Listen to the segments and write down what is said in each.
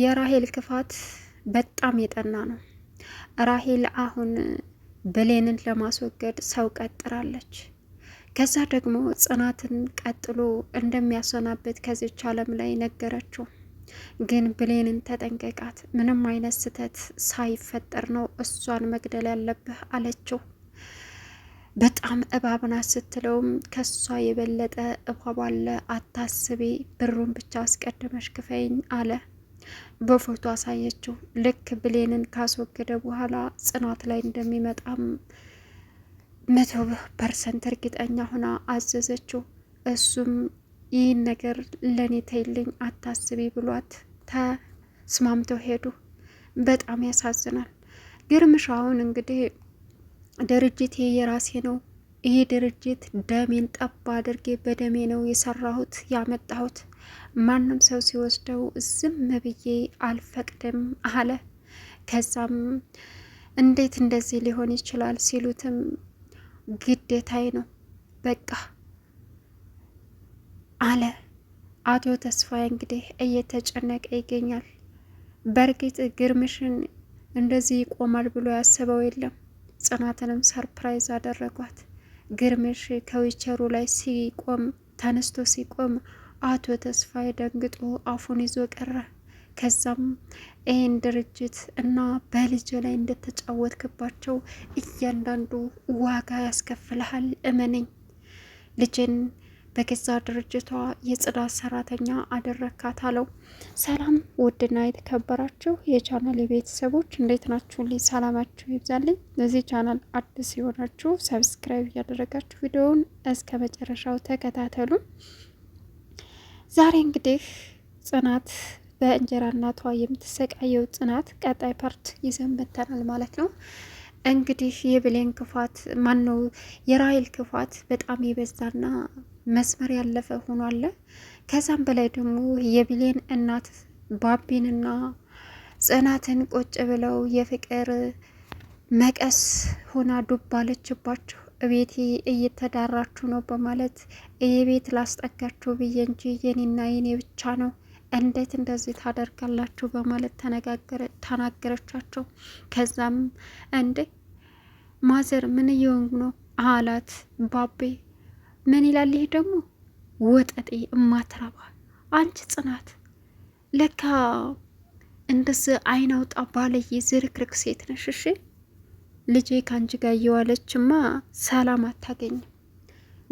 የራሄል ክፋት በጣም የጠና ነው። ራሄል አሁን ብሌንን ለማስወገድ ሰው ቀጥራለች። ከዛ ደግሞ ጽናትን ቀጥሎ እንደሚያሰናበት ከዚች ዓለም ላይ ነገረችው። ግን ብሌንን ተጠንቀቃት፣ ምንም አይነት ስህተት ሳይፈጠር ነው እሷን መግደል ያለብህ አለችው። በጣም እባብና ስትለውም ከሷ የበለጠ እባብ አለ አታስቤ፣ ብሩን ብቻ አስቀድመሽ ክፈይኝ አለ። በፎቶ አሳየችው። ልክ ብሌንን ካስወገደ በኋላ ጽናት ላይ እንደሚመጣም መቶ ፐርሰንት እርግጠኛ ሆና አዘዘችው። እሱም ይህን ነገር ለእኔ ተይልኝ አታስቢ ብሏት ተስማምተው ሄዱ። በጣም ያሳዝናል። ግርምሻውን እንግዲህ ድርጅት የራሴ ነው ይህ ድርጅት ደሜን ጠባ አድርጌ በደሜ ነው የሰራሁት ያመጣሁት ማንም ሰው ሲወስደው ዝም ብዬ አልፈቅድም አለ። ከዛም እንዴት እንደዚህ ሊሆን ይችላል ሲሉትም ግዴታዬ ነው በቃ አለ። አቶ ተስፋዬ እንግዲህ እየተጨነቀ ይገኛል። በእርግጥ ግርምሽን እንደዚህ ይቆማል ብሎ ያሰበው የለም። ጽናትንም ሰርፕራይዝ አደረጓት። ግርምሽ ከዊቸሩ ላይ ሲቆም ተነስቶ ሲቆም አቶ ተስፋዬ ደንግጦ አፉን ይዞ ቀረ። ከዛም ይህን ድርጅት እና በልጅ ላይ እንደተጫወትክባቸው እያንዳንዱ ዋጋ ያስከፍልሃል፣ እመነኝ። ልጅን በገዛ ድርጅቷ የጽዳት ሰራተኛ አደረካት አለው። ሰላም ውድና የተከበራችሁ የቻናል የቤተሰቦች እንዴት ናችሁ? ልኝ ሰላማችሁ ይብዛልኝ። በዚህ ቻናል አዲስ የሆናችሁ ሰብስክራይብ እያደረጋችሁ ቪዲዮውን እስከ መጨረሻው ተከታተሉ። ዛሬ እንግዲህ ጽናት በእንጀራ እናቷ የምትሰቃየው ጽናት ቀጣይ ፓርት ይዘን መጥተናል ማለት ነው። እንግዲህ የብሌን ክፋት ማነው የራይል ክፋት በጣም የበዛና መስመር ያለፈ ሆኗል። ከዛም በላይ ደግሞ የብሌን እናት ባቢንና ጽናትን ቁጭ ብለው የፍቅር መቀስ ሆና ዱብ አለችባቸው። ቤቴ እየተዳራችሁ ነው በማለት ይህ ቤት ላስጠጋችሁ ብዬ እንጂ የኔና የኔ ብቻ ነው እንዴት እንደዚህ ታደርጋላችሁ? በማለት ተናገረቻቸው። ከዛም እንዴ ማዘር ምን እየሆንኩ ነው አላት። ባቤ ምን ይላል ይሄ ደግሞ ወጠጤ እማትረባ አንቺ ጽናት ለካ እንደዚህ አይናውጣ ባለየ ዝርክርክ ሴት ነሽ እሺ ልጄ ከአንቺ ጋር እየዋለችማ ሰላም አታገኝም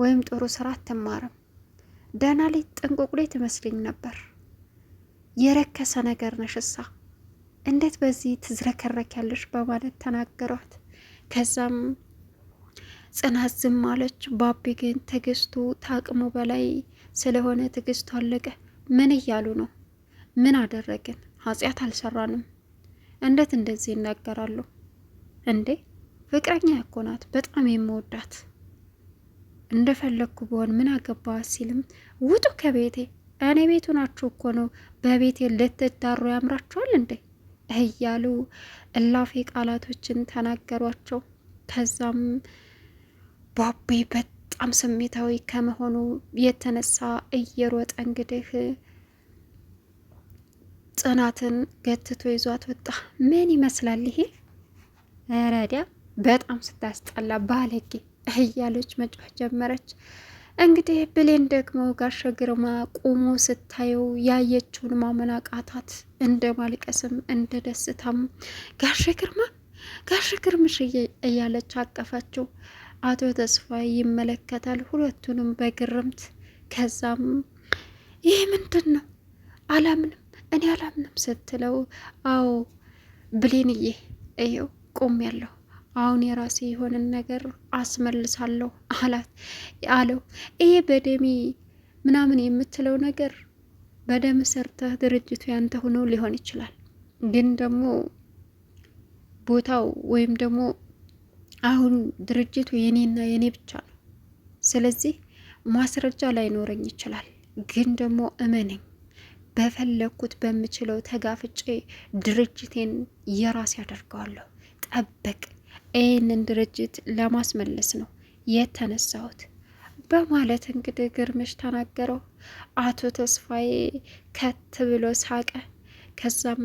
ወይም ጥሩ ስራ አትማርም። ደህና ላይ ጥንቁቁሌ ትመስለኝ ነበር። የረከሰ ነገር ነሽሳ እንዴት በዚህ ትዝረከረክ በማለት ተናገሯት። ከዛም ጽናት ዝም አለች። ባቢ ግን ትዕግስቱ ታቅሙ በላይ ስለሆነ ትዕግስቱ አለቀ። ምን እያሉ ነው? ምን አደረግን? ኃጢአት አልሰራንም። እንዴት እንደዚህ ይናገራሉ? እንዴ ፍቅረኛ እኮ ናት፣ በጣም የምወዳት እንደፈለግኩ በሆን ምን አገባ ሲልም ውጡ ከቤቴ እኔ ቤቱ ናችሁ እኮ ነው በቤቴ ልትዳሩ ያምራችኋል እንዴ እያሉ እላፌ ቃላቶችን ተናገሯቸው። ከዛም ባቤ በጣም ስሜታዊ ከመሆኑ የተነሳ እየሮጠ እንግዲህ ጽናትን ገትቶ ይዟት ወጣ። ምን ይመስላል ይሄ? ረዲያ በጣም ስታስጠላ ባለጌ እያለች መጮህ ጀመረች። እንግዲህ ብሌን ደግሞ ጋሸ ግርማ ቁሞ ስታየው ያየችውን ማመን አቃታት። እንደ ማልቀስም እንደ ደስታም ጋሸ ግርማ ጋሸ ግርምሽ እያለች አቀፈችው። አቶ ተስፋ ይመለከታል ሁለቱንም በግርምት ከዛም ይህ ምንድን ነው አላምንም፣ እኔ አላምንም ስትለው አዎ ብሌንዬ ይኸው ቆም ያለው አሁን የራሴ የሆነን ነገር አስመልሳለሁ አላት አለው። ይሄ በደሜ ምናምን የምትለው ነገር በደም ሰርተህ ድርጅቱ ያንተ ሆኖ ሊሆን ይችላል፣ ግን ደግሞ ቦታው ወይም ደግሞ አሁን ድርጅቱ የኔና የኔ ብቻ ነው። ስለዚህ ማስረጃ ላይኖረኝ ይችላል፣ ግን ደግሞ እመነኝ በፈለግኩት በምችለው ተጋፍጬ ድርጅቴን የራሴ አደርገዋለሁ። ጠበቅ ይህንን ድርጅት ለማስመለስ ነው የተነሳሁት በማለት እንግዲህ ግርምሽ ተናገረው። አቶ ተስፋዬ ከት ብሎ ሳቀ። ከዛም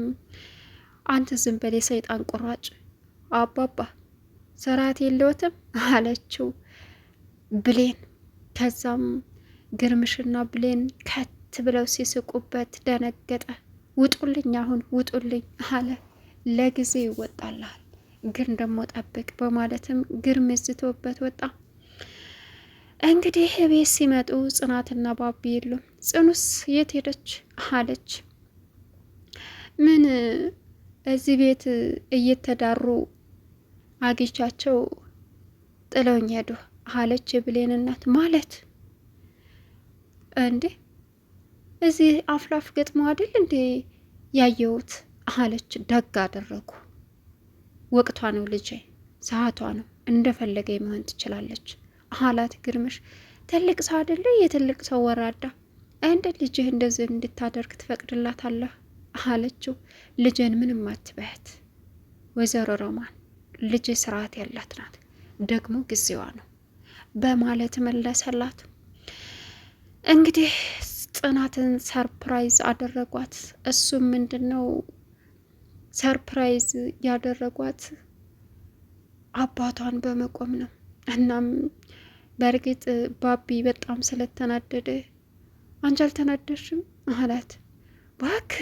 አንተ ዝም በል የሰይጣን ቁራጭ አባባ ስርዓት የለዎትም አለችው ብሌን። ከዛም ግርምሽና ብሌን ከት ብለው ሲስቁበት ደነገጠ። ውጡልኝ፣ አሁን ውጡልኝ አለ። ለጊዜ ይወጣላል ግን ደግሞ ጠብቅ በማለትም ዝቶበት ወጣ። እንግዲህ ቤት ሲመጡ ጽናትና ባቢ የሉም። ጽኑስ የት ሄደች አለች። ምን እዚህ ቤት እየተዳሩ አግቻቸው ጥለውኝ ሄዱ አለች የብሌን እናት። ማለት እንዴ እዚህ አፍላፍ ገጥሞ አይደል እንዴ ያየሁት አለች። ደግ አደረጉ። ወቅቷ ነው ልጄ፣ ሰዓቷ ነው፣ እንደፈለገ መሆን ትችላለች አላት ግርምሽ። ትልቅ ሰው አይደለ? የትልቅ ሰው ወራዳ እንደ ልጅህ እንደዚህ እንድታደርግ ትፈቅድላታለህ? አለችው። ልጄን ምንም አትበያት ወይዘሮ ሮማን፣ ልጅ ስርዓት ያላት ናት፣ ደግሞ ጊዜዋ ነው በማለት መለሰላት። እንግዲህ ጽናትን ሰርፕራይዝ አደረጓት። እሱም ምንድን ነው ሰርፕራይዝ ያደረጓት አባቷን በመቆም ነው። እናም በእርግጥ ባቢ በጣም ስለተናደደ አንቺ አልተናደድሽም አላት። ባክ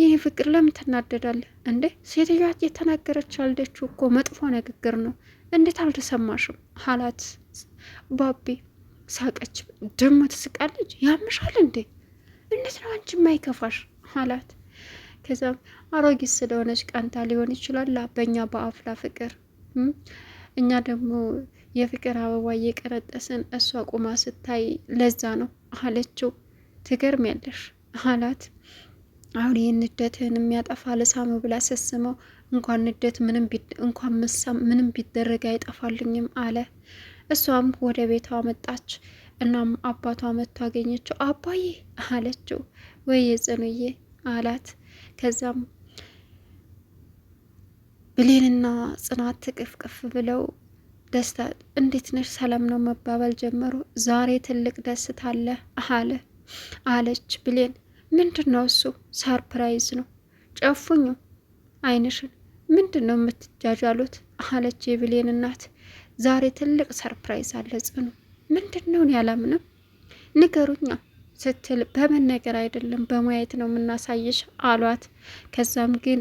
ይህ ፍቅር ለምን ትናደዳለህ እንዴ? ሴትዮዋ የተናገረች ያለችው እኮ መጥፎ ንግግር ነው። እንዴት አልተሰማሽም አላት። ባቢ ሳቀች። ደግሞ ትስቃለች። ያምሻል እንዴ? እንዴት ነው አንቺ የማይከፋሽ አላት። ከዛም አሮጊት ስለሆነች ቀንታ ሊሆን ይችላል በእኛ በአፍላ ፍቅር እኛ ደግሞ የፍቅር አበባ እየቀረጠስን እሷ ቁማ ስታይ ለዛ ነው አለችው። ያለሽ አላት። አሁን ይህን ንደትህን የሚያጠፋ ልሳሙ ብላ ስስመው እንኳን ንደት እንኳን መሳም ምንም ቢደረግ አይጠፋልኝም አለ። እሷም ወደ ቤቷ መጣች። እናም አባቷ መጥቶ አገኘችው። አባዬ አለችው። ወይ የጽኑዬ አላት። ከዛም ብሌንና ጽናት ቅፍቅፍ ብለው ደስታ እንዴት ነሽ ሰላም ነው መባባል ጀመሩ። ዛሬ ትልቅ ደስታ አለ አለ አለች ብሌን። ምንድን ነው እሱ? ሰርፕራይዝ ነው። ጨፉኙ አይንሽን ምንድን ነው የምትጃጃሉት? አለች የብሌን እናት። ዛሬ ትልቅ ሰርፕራይዝ አለ ጽኑ። ምንድን ነውን? ያላምንም ንገሩኛ ስትል በመነገር አይደለም በማየት ነው የምናሳይሽ አሏት። ከዛም ግን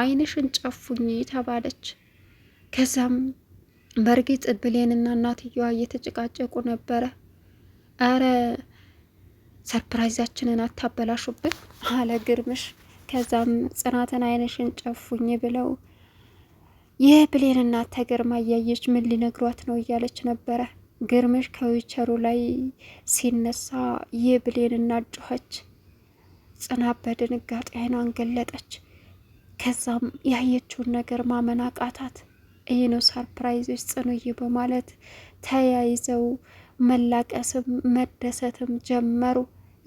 አይንሽን ጨፉኝ ተባለች። ከዛም በእርግጥ ብሌንና እናትየዋ እየተጨቃጨቁ ነበረ። አረ ሰርፕራይዛችንን አታበላሹብን አለ ግርምሽ። ከዛም ጽናትን አይንሽን ጨፉኝ ብለው ይህ ብሌንና ተገርማ እያየች ምን ሊነግሯት ነው እያለች ነበረ ግርምሽ ከዊቸሩ ላይ ሲነሳ ይህ ብሌንና ጮኸች። ጽናት በድንጋጤ አይኗን ገለጠች። ከዛም ያየችውን ነገር ማመን አቃታት። ይህ ነው ሰርፕራይዞች ጽኑዬ በማለት ተያይዘው መላቀስም መደሰትም ጀመሩ።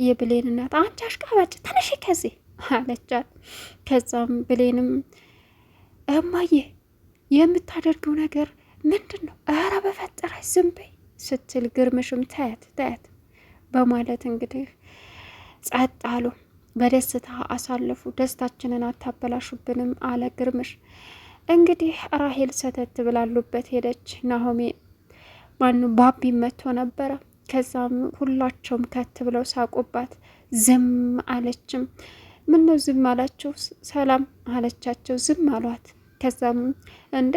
የብሌን እናት አንቺ አሽቃባጭ ተነሽ ከዚህ አለቻት። ከዛም ብሌንም እማዬ የምታደርገው ነገር ምንድን ነው? እረ በፈጠረች ዝም በይ ስትል ግርምሽም ታያት ታያት በማለት እንግዲህ ጸጥ አሉ። በደስታ አሳልፉ፣ ደስታችንን አታበላሹብንም አለ ግርምሽ። እንግዲህ ራሄል ሰተት ብላሉበት ሄደች። ናሆሜ ማኑ ባቢ መቶ ነበረ። ከዛም ሁላቸውም ከት ብለው ሳቁባት። ዝም አለችም። ምን ነው ዝም አላችሁ? ሰላም አለቻቸው። ዝም አሏት። ከዛም እንዴ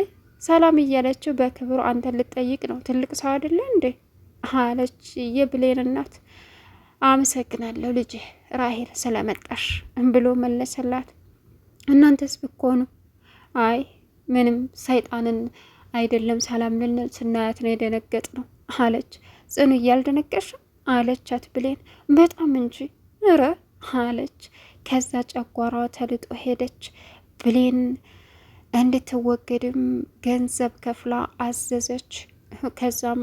ሰላም እያለችው በክብሩ አንተን ልጠይቅ ነው ትልቅ ሰው አይደለ እንዴ አለች የብሌን እናት። አመሰግናለሁ ልጄ ራሄል ስለመጣሽ ብሎ መለሰላት። እናንተስ ብኮኑ አይ ምንም ሰይጣንን አይደለም ሰላም ልን ስናያት ነው የደነገጥ ነው አለች። ጽኑ እያልደነቀሽ አለቻት ብሌን። በጣም እንጂ እረ አለች። ከዛ ጨጓራዋ ተልጦ ሄደች ብሌን እንድትወገድም ገንዘብ ከፍላ አዘዘች። ከዛም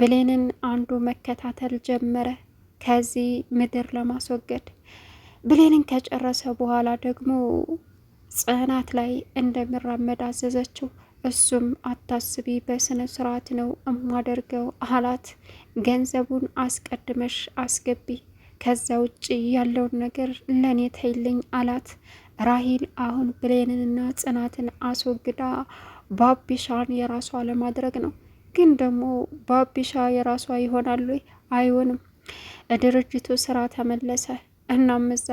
ብሌንን አንዱ መከታተል ጀመረ ከዚህ ምድር ለማስወገድ። ብሌንን ከጨረሰ በኋላ ደግሞ ጽናት ላይ እንደሚራመድ አዘዘችው። እሱም አታስቢ፣ በስነ ስርዓት ነው እማደርገው አላት። ገንዘቡን አስቀድመሽ አስገቢ፣ ከዛ ውጭ ያለውን ነገር ለእኔ ተይልኝ አላት። ራሂል አሁን ብሌንንና ጽናትን አስወግዳ ባቢሻን የራሷ ለማድረግ ነው። ግን ደግሞ ባቢሻ የራሷ ይሆናሉ? አይሆንም። ድርጅቱ ስራ ተመለሰ። እናም እዛ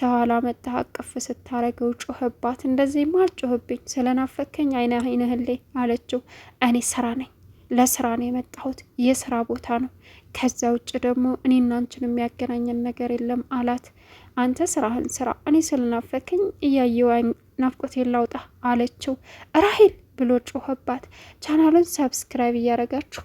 ተኋላ መጣ አቅፍ ስታረገው ጮህባት። እንደዚህማ አልጮህብኝ ስለናፈከኝ አይነ አይነህሌ አለችው። እኔ ስራ ነኝ ለስራ ነው የመጣሁት፣ የስራ ቦታ ነው። ከዛ ውጭ ደግሞ እኔ እናንችን የሚያገናኘን ነገር የለም አላት። አንተ ስራህን ስራ፣ እኔ ስልናፈከኝ እያየዋኝ ናፍቆቴ ላውጣ አለችው። ራሂል ብሎ ጮኸባት። ቻናሉን ሰብስክራይብ እያደረጋችሁ